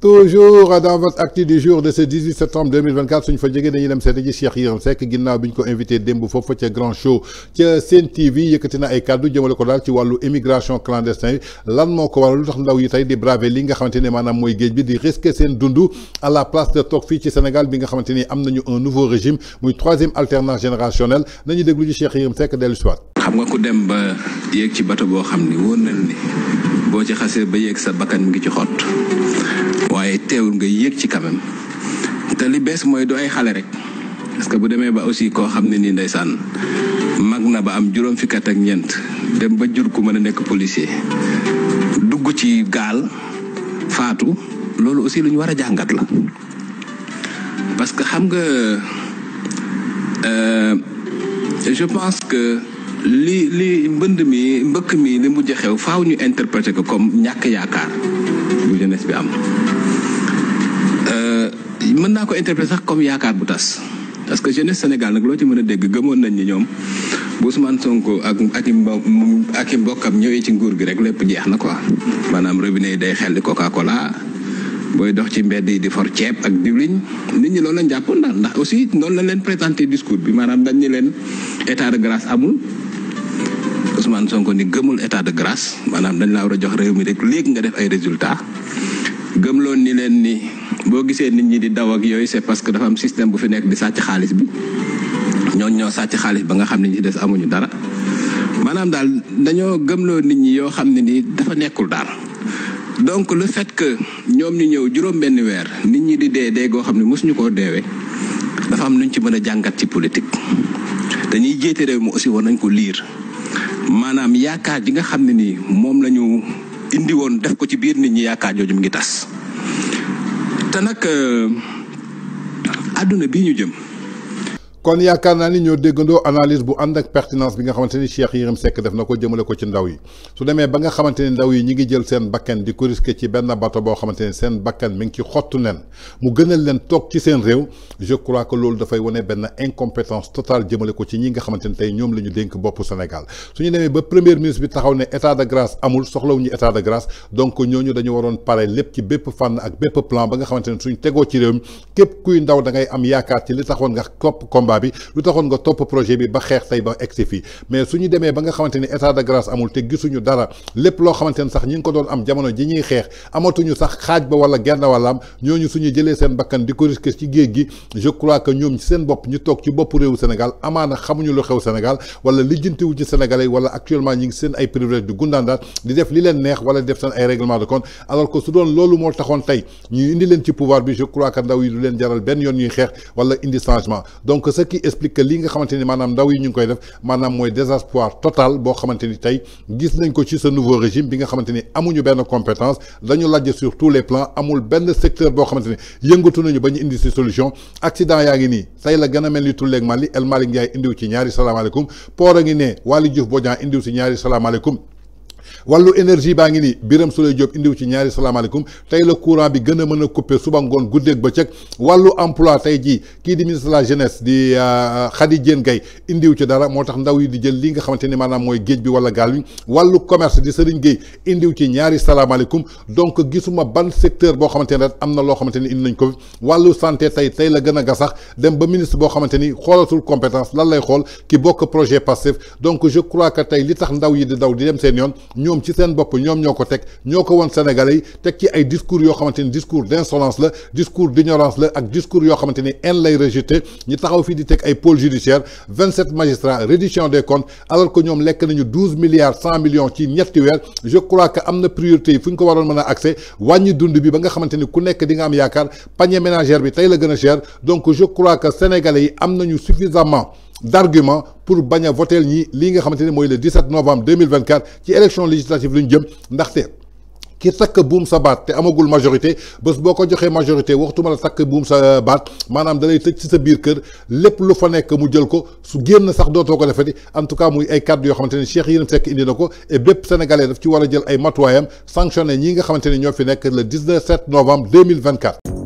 toujours dans votre acte du jour de ce 18 septembre 2024 suñ fa jógee dañuy dem sété ci Cheikh Yérim Seck ginnaw biñ ko invité démb foofu ci grand show ci Sen TV yëkëti na ay kàddu jëmale ko dal ci walu immigration clandestin lan moko ko waral lu tax ndaw yi tay di braver li nga xamante manam moy mooy bi di risquer sen dundu à la place de toog fii ci Sénégal bi nga xamante ni am nañu un nouveau régime muy troisième alternance générationnelle nañu déglu ci Cheikh Yérim Seck dellu si waat xam nga ku dem ba yéeg ci bateau bo xamni ni nañ ni boo ci xasee ba yéeg sa bakkan mi ngi ci xott waaye teewul nga yéeg ci quand même te li bees mooy du ay xale rek parce que bu demee ba aussi koo xam ne nii ndeysaan mag na ba am juróom fi kat ak ñeent dem ba jur ku mën a nekk policier dugg ci gaal faatu loolu aussi lu ñu war a jàngat la parce que xam nga euh, je pense que li li mbënd mi mbëkk mi li mujj xew faaw ñu interpréter ko comme ñàkk yaakaar bu jeunesse bi am euh, mën naa ko interpréter sax comme yaakaar bu tas parce que jeunesse Sénégal nag loo ci mën a dégg gëmoon nañ ni ñoom bu Ousmane Sonko ak ak ak i mbokkam ci nguur gi rek jeex na quoi robinet day coca cola booy dox ci di for ceeb ak diwliñ nit ñi loolu lañ jàpp ndax ndax aussi noonu la leen présenté discours bi maanaam dañ ñi leen état de grâce amul Ousmane Sonko ni gëmul état de grâce manam dañ laa war a jox réew mi rek léegi nga def ay résultat gëmloon ni leen ni boo gisee nit ñi di daw ak yooyu c'est parce que dafa am système bu fi nekk di sàcc xaalis bi ñoo ñoo sàcc xaalis ba nga xam ne ñi des amuñu dara maanaam daal dañoo gëmloo nit ñi yoo xam ne ni dafa nekkul daal donc le fait que ñoom ñu ñëw juróom benn weer nit ñi di dee dee goo xam ne mosuñu dafa am ci ci politique dañuy aussi ko maanaam yaakaar ji nga xam ne nii moom la ñu indi woon def ko ci biir nit ñi yaakaar jooju mu ngi tas te nag àdduna euh, bi ñu jëm kon yaakaar naa ni ñoo déggandoo analyse bu ànd ak pertinence bi nga xamante ni Cheikh Yérim Seck def na ko jëmale ko ci ndaw yi su demee ba nga xamante ni ndaw yi ñi ngi jël seen bakkan di ko risqué ci benn bato boo xamante ni seen bakkan mi ngi ci xottu nen mu gënal leen toog ci seen réew je crois que loolu dafay wane benn incompétence totale jëmale ko ci ñi nga xamante ni tey ñoom la ñu dénk boppu Sénégal su ñu demee ba premier ministre bi taxaw ne état de grâce amul soxlawuñu état de ñooñu dañu waroon pare lépp ci bépp fànn ak bépp plan ba nga xamante ni suñ tegoo ci réew képp kuy ndaw da ngay am yaakaar ci li taxoon nga kopp combat bi lu taxone nga top projet bi ba xex tey ba egsi fii mais suñu démé ba nga xamanténi état de grâce amul té gisuñu dara lépp lo xamanténi sax ñi ngi ko doon am jamono ji ñuy xeex amatuñu sax xaaj ba wala genn wàllaam ñoñu suñu jëlé sen bakkan di ko risqué ci géej gi je crois que ñom ci seen bopp ñu tok ci bop réewu Sénégal amana xamuñu lu xew Sénégal wala wu ci Sénégalais wala actuellement ñi ngi seen ay privilège du gundaandaal di def li leen neex wala di def sen ay règlement de compte alors que su doon loolu mo taxone tay ñu indi leen ci pouvoir bi je crois que ndaw yi du leen jaral ben yoon ñuy xex wala indi changement donc qui explique que li nga xamanteni manam ndaw yi ñu ngi koy def manam moy désespoir total bo xamanteni tay gis nañ ko ci ce nouveau régime bi nga xamanteni amuñu benn compétence dañu lajj sur tous les plans amul benn secteur bo xamanteni ni yëngatu nañu ba indi ci solution accident yaa ngi nii tey la gëna melni mel ni Mali El Malick Ndiaye indiw ci ñaari alaykum Pora nga ne Waly Diouf indi indiw si ñaari alaykum wallu énergie baa ngi nii Birame Souleye Diop indiw ci ñaari salaamaaleykum tey la courant bi gën a mën a coupé suba ngoon guddeeg bëccëg wàllu emploi tey jii kii di ministre de la jeunesse di euh, Khady Diène Gaye indiw ci dara moo tax ndaw yi di jël li nga xamante ni maanaam mooy géej bi wala gaal bi wàllu commerce di Serigne Gueye indiw ci ñaari salaamaaleykum donc gisuma ban secteur boo xamante ne rek am na loo xamante ni indi nañ ko fi wàllu santé tey tey la gën a gasax dem ba ministre boo xamante ni xoolatul compétence lan lay xool ki bokk projet Pastef donc je crois que tey li tax ndaw yi di daw di dem seen yoon ñoom ci seen bopp ñoom ñoo ko teg ñoo ko woon Sénégalais yi teg ci ay discours yoo xamante ni discours d'insolence la discours d'ignorance la ak discours yoo xamante ni haine lay rejeté ñu taxaw fii di teg ay pôle judiciaire vingt-sept magistrats reddition des comptes alors que ñoom lekk nañu douze milliards cent millions ci ñetti weer je crois que am na priorité yi fu ñu ko waroon mën a accès wàññi dund bi ba nga xamante ni ku nekk di nga am yaakaar panier ménagère bi tey la gën a cher donc je crois que Sénégalais yi am nañu suffisamment d'arguments pour bañ voter nga xamanteni ni le 17 novembre 2024 ci élection législative luñu ñu jëm ndaxte ki tak boum sa baat te amagul majorité bëss boko joxé majorité waxtuma la takk boum sa baat maanaam da lay tëj ci sa biir kër lépp lu fa nek mu jël ko su génn sax doto ko defati en tout cas muy ay cadre yo xamanteni Cheikh Yérim Seck indi nako et bépp sénégalais daf ci wara jël ay matuwaayam sanctionné ñi nga xamanteni ne fi le 17 novembre 2024.